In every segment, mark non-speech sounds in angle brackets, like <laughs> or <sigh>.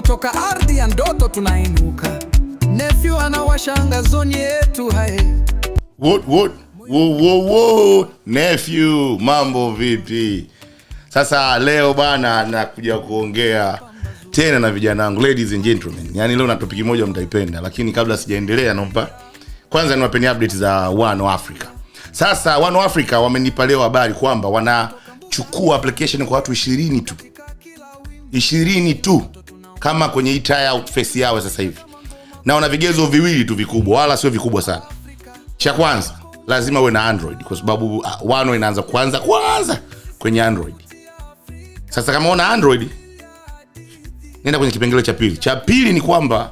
kutoka ardhi ya ndoto tunainuka. Nefyu anga zoni yetu hae. What, what? Wo, wo, wo. Nefyu, mambo vipi? Sasa leo bana nakuja kuongea tena na vijana wangu, ladies and gentlemen. Yani leo na topic moja mtaipenda, lakini kabla sijaendelea naomba kwanza niwapeni update za One Africa. Sasa One Africa wamenipa leo habari kwamba wanachukua application kwa watu 20 tu, 20 tu kama kwenye hii tryout phase yao sasa hivi, na una vigezo viwili tu vikubwa, wala sio vikubwa sana. Cha kwanza lazima uwe na Android kwa sababu uh, wano inaanza kwanza kwanza kwenye Android. Sasa kama una Android, nenda kwenye kipengele cha pili. Cha pili ni kwamba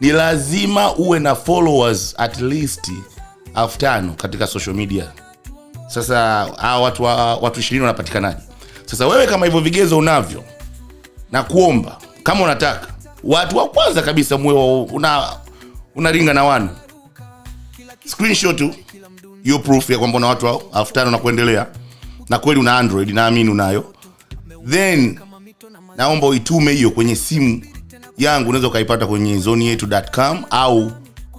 ni lazima uwe na followers at least elfu tano katika social media. Sasa hawa watu, watu ishirini wanapatikanaje? Sasa wewe kama hivyo vigezo unavyo, na kuomba kama unataka watu wa kwanza kabisa mwe una unaringa na wanu screenshot hiyo proof ya kwamba una watu elfu tano na kuendelea, na kweli una Android naamini unayo, then naomba uitume hiyo kwenye simu yangu. Unaweza ukaipata kwenye yetucom au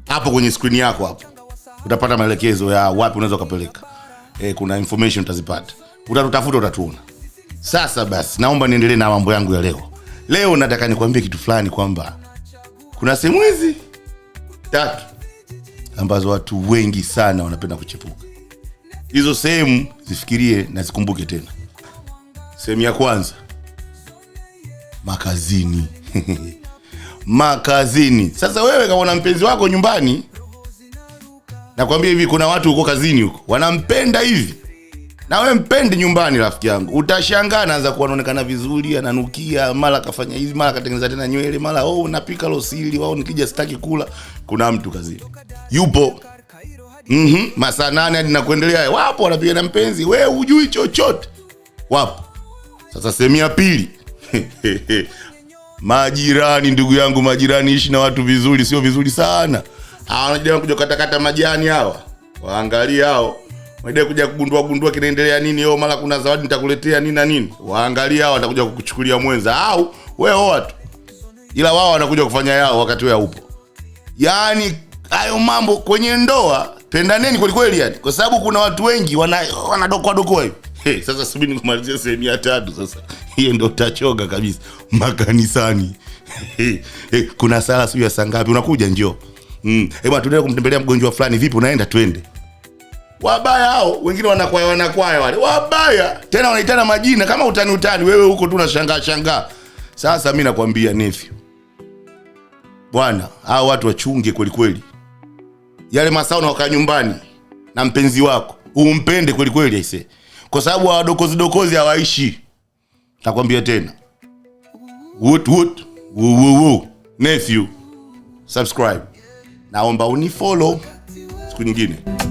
hapo kwenye screen yako hapo utapata maelekezo ya wapi unaweza ukapeleka. E, kuna information utazipata, utatutafuta, utatuona. Sasa basi, naomba niendelee na mambo yangu ya leo. Leo nataka nikwambie kitu fulani kwamba kuna sehemu hizi tatu ambazo watu wengi sana wanapenda kuchepuka. Hizo sehemu zifikirie na zikumbuke tena. Sehemu ya kwanza, makazini <laughs> makazini. Sasa wewe kama mpenzi wako nyumbani, nakwambia hivi, kuna watu huko kazini huko wanampenda hivi na we mpendi nyumbani, rafiki yangu, utashangaa naanza kuwa naonekana vizuri, ananukia, mara akafanya hivi, mara akatengeneza tena nywele, mara oh, napika losili wao, nikija sitaki kula. Kuna mtu kazini yupo mm -hmm. masaa nane hadi nakuendelea wapo wanapiga na mpenzi, we hujui chochote, wapo sasa. Sehemu ya pili <laughs> majirani, ndugu yangu, majirani, ishi na watu vizuri, sio vizuri sana. Hawa wanakuja kukatakata majani hawa, waangalie hao Wanaendelea kuja kugundua gundua kinaendelea nini, yo oh, mara kuna zawadi nitakuletea nini na nini. Waangalia hao watakuja kukuchukulia mwenza au wewe oa tu. Ila wao wanakuja kufanya yao wakati wewe upo. Yaani hayo mambo kwenye ndoa, pendaneni kweli kweli yani. Kwa sababu kuna watu wengi wana wanadokwa dokwa hivi. <laughs> Hey, sasa subiri nikumalizie sehemu ya tatu sasa. Hiyo ndio utachoka kabisa makanisani. Hey, <laughs> hey, kuna sala siyo ya sangapi Unakuja njoo. Mm. Hebu tuende kumtembelea mgonjwa fulani, vipi unaenda? Twende wabaya hao wengine wanakwaya wanakwaya wale wabaya tena wanaitana majina kama utani utani, wewe huko tu unashangaa shangaa. Sasa mi nakwambia nivyo bwana, hao watu wachunge kweli kweli, yale masaa wakaa nyumbani na mpenzi wako umpende kweli kweli aise, kwa sababu hawadokozi dokozi hawaishi. Nakwambia tena wut, wut, wu, wu, wu. nephew subscribe, naomba unifollow siku nyingine.